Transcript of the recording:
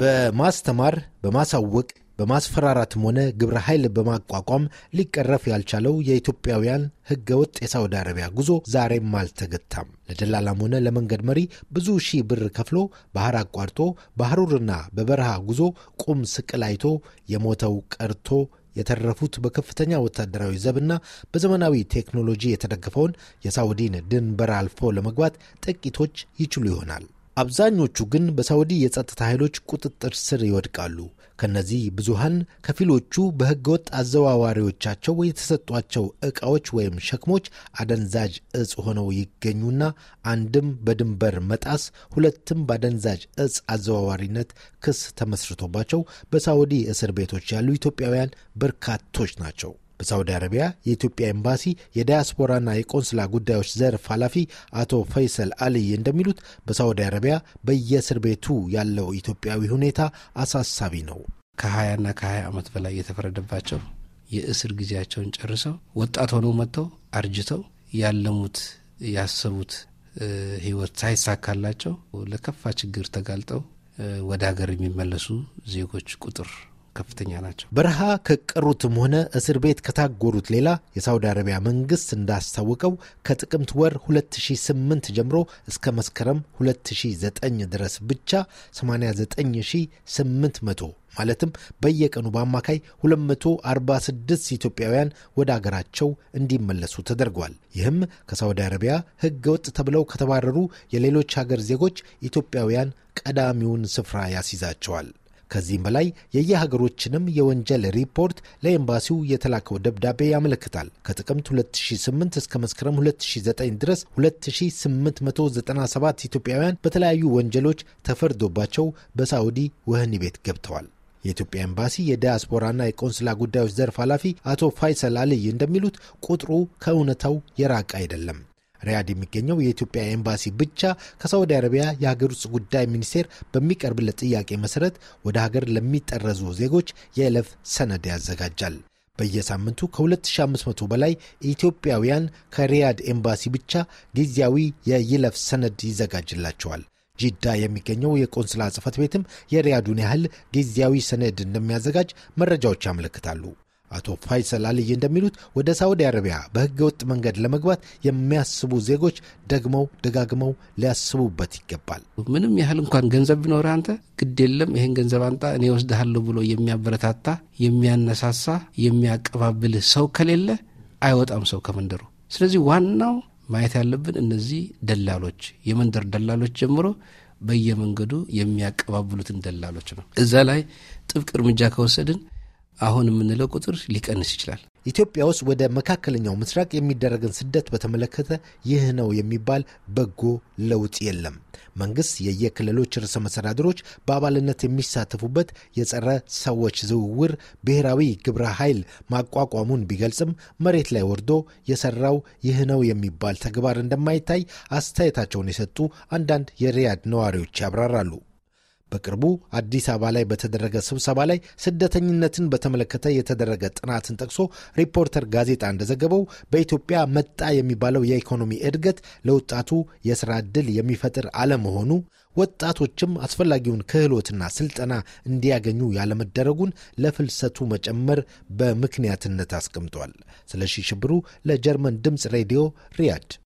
በማስተማር በማሳወቅ በማስፈራራትም ሆነ ግብረ ኃይል በማቋቋም ሊቀረፍ ያልቻለው የኢትዮጵያውያን ህገወጥ ወጥ የሳውዲ አረቢያ ጉዞ ዛሬም አልተገታም። ለደላላም ሆነ ለመንገድ መሪ ብዙ ሺህ ብር ከፍሎ ባህር አቋርጦ በሐሩርና በበረሃ ጉዞ ቁም ስቅል አይቶ የሞተው ቀርቶ የተረፉት በከፍተኛ ወታደራዊ ዘብና በዘመናዊ ቴክኖሎጂ የተደገፈውን የሳውዲን ድንበር አልፎ ለመግባት ጥቂቶች ይችሉ ይሆናል። አብዛኞቹ ግን በሳውዲ የጸጥታ ኃይሎች ቁጥጥር ስር ይወድቃሉ። ከነዚህ ብዙሃን ከፊሎቹ በህገወጥ አዘዋዋሪዎቻቸው የተሰጧቸው ዕቃዎች ወይም ሸክሞች አደንዛዥ እጽ ሆነው ይገኙና አንድም በድንበር መጣስ ሁለትም በአደንዛዥ እጽ አዘዋዋሪነት ክስ ተመስርቶባቸው በሳውዲ እስር ቤቶች ያሉ ኢትዮጵያውያን በርካቶች ናቸው። በሳውዲ አረቢያ የኢትዮጵያ ኤምባሲ የዳያስፖራና የቆንስላ ጉዳዮች ዘርፍ ኃላፊ አቶ ፈይሰል አልይ እንደሚሉት በሳውዲ አረቢያ በየእስር ቤቱ ያለው ኢትዮጵያዊ ሁኔታ አሳሳቢ ነው። ከሀያና ከሀያ ዓመት በላይ የተፈረደባቸው የእስር ጊዜያቸውን ጨርሰው ወጣት ሆነው መጥተው አርጅተው ያለሙት ያሰቡት ህይወት ሳይሳካላቸው ለከፋ ችግር ተጋልጠው ወደ ሀገር የሚመለሱ ዜጎች ቁጥር ከፍተኛ ናቸው። በረሃ ከቀሩትም ሆነ እስር ቤት ከታጎሩት ሌላ የሳውዲ አረቢያ መንግስት እንዳስታወቀው ከጥቅምት ወር 2008 ጀምሮ እስከ መስከረም 2009 ድረስ ብቻ 89800 ማለትም በየቀኑ በአማካይ 246 ኢትዮጵያውያን ወደ አገራቸው እንዲመለሱ ተደርጓል። ይህም ከሳውዲ አረቢያ ሕገ ወጥ ተብለው ከተባረሩ የሌሎች ሀገር ዜጎች ኢትዮጵያውያን ቀዳሚውን ስፍራ ያስይዛቸዋል። ከዚህም በላይ የየሀገሮችንም የወንጀል ሪፖርት ለኤምባሲው የተላከው ደብዳቤ ያመለክታል። ከጥቅምት 2008 እስከ መስከረም 2009 ድረስ 2897 ኢትዮጵያውያን በተለያዩ ወንጀሎች ተፈርዶባቸው በሳዑዲ ወህኒ ቤት ገብተዋል። የኢትዮጵያ ኤምባሲ የዲያስፖራና የቆንስላ ጉዳዮች ዘርፍ ኃላፊ አቶ ፋይሰል አልይ እንደሚሉት ቁጥሩ ከእውነታው የራቀ አይደለም። ሪያድ የሚገኘው የኢትዮጵያ ኤምባሲ ብቻ ከሳውዲ አረቢያ የሀገር ውስጥ ጉዳይ ሚኒስቴር በሚቀርብለት ጥያቄ መሰረት ወደ ሀገር ለሚጠረዙ ዜጎች የይለፍ ሰነድ ያዘጋጃል። በየሳምንቱ ከ2500 በላይ ኢትዮጵያውያን ከሪያድ ኤምባሲ ብቻ ጊዜያዊ የይለፍ ሰነድ ይዘጋጅላቸዋል። ጂዳ የሚገኘው የቆንስላ ጽህፈት ቤትም የሪያዱን ያህል ጊዜያዊ ሰነድ እንደሚያዘጋጅ መረጃዎች ያመለክታሉ። አቶ ፋይሰል አልይ እንደሚሉት ወደ ሳውዲ አረቢያ በህገ ወጥ መንገድ ለመግባት የሚያስቡ ዜጎች ደግመው ደጋግመው ሊያስቡበት ይገባል። ምንም ያህል እንኳን ገንዘብ ቢኖር አንተ ግድ የለም ይህን ገንዘብ አንጣ እኔ ወስድሃለሁ ብሎ የሚያበረታታ የሚያነሳሳ፣ የሚያቀባብልህ ሰው ከሌለ አይወጣም ሰው ከመንደሩ። ስለዚህ ዋናው ማየት ያለብን እነዚህ ደላሎች የመንደር ደላሎች ጀምሮ በየመንገዱ የሚያቀባብሉትን ደላሎች ነው። እዛ ላይ ጥብቅ እርምጃ ከወሰድን አሁን የምንለው ቁጥር ሊቀንስ ይችላል። ኢትዮጵያ ውስጥ ወደ መካከለኛው ምስራቅ የሚደረግን ስደት በተመለከተ ይህ ነው የሚባል በጎ ለውጥ የለም። መንግስት የየክልሎች ርዕሰ መስተዳድሮች በአባልነት የሚሳተፉበት የጸረ ሰዎች ዝውውር ብሔራዊ ግብረ ኃይል ማቋቋሙን ቢገልጽም መሬት ላይ ወርዶ የሰራው ይህ ነው የሚባል ተግባር እንደማይታይ አስተያየታቸውን የሰጡ አንዳንድ የሪያድ ነዋሪዎች ያብራራሉ። በቅርቡ አዲስ አበባ ላይ በተደረገ ስብሰባ ላይ ስደተኝነትን በተመለከተ የተደረገ ጥናትን ጠቅሶ ሪፖርተር ጋዜጣ እንደዘገበው በኢትዮጵያ መጣ የሚባለው የኢኮኖሚ እድገት ለወጣቱ የስራ ዕድል የሚፈጥር አለመሆኑ ወጣቶችም አስፈላጊውን ክህሎትና ስልጠና እንዲያገኙ ያለመደረጉን ለፍልሰቱ መጨመር በምክንያትነት አስቀምጧል። ስለሺ ሽብሩ ለጀርመን ድምፅ ሬዲዮ ሪያድ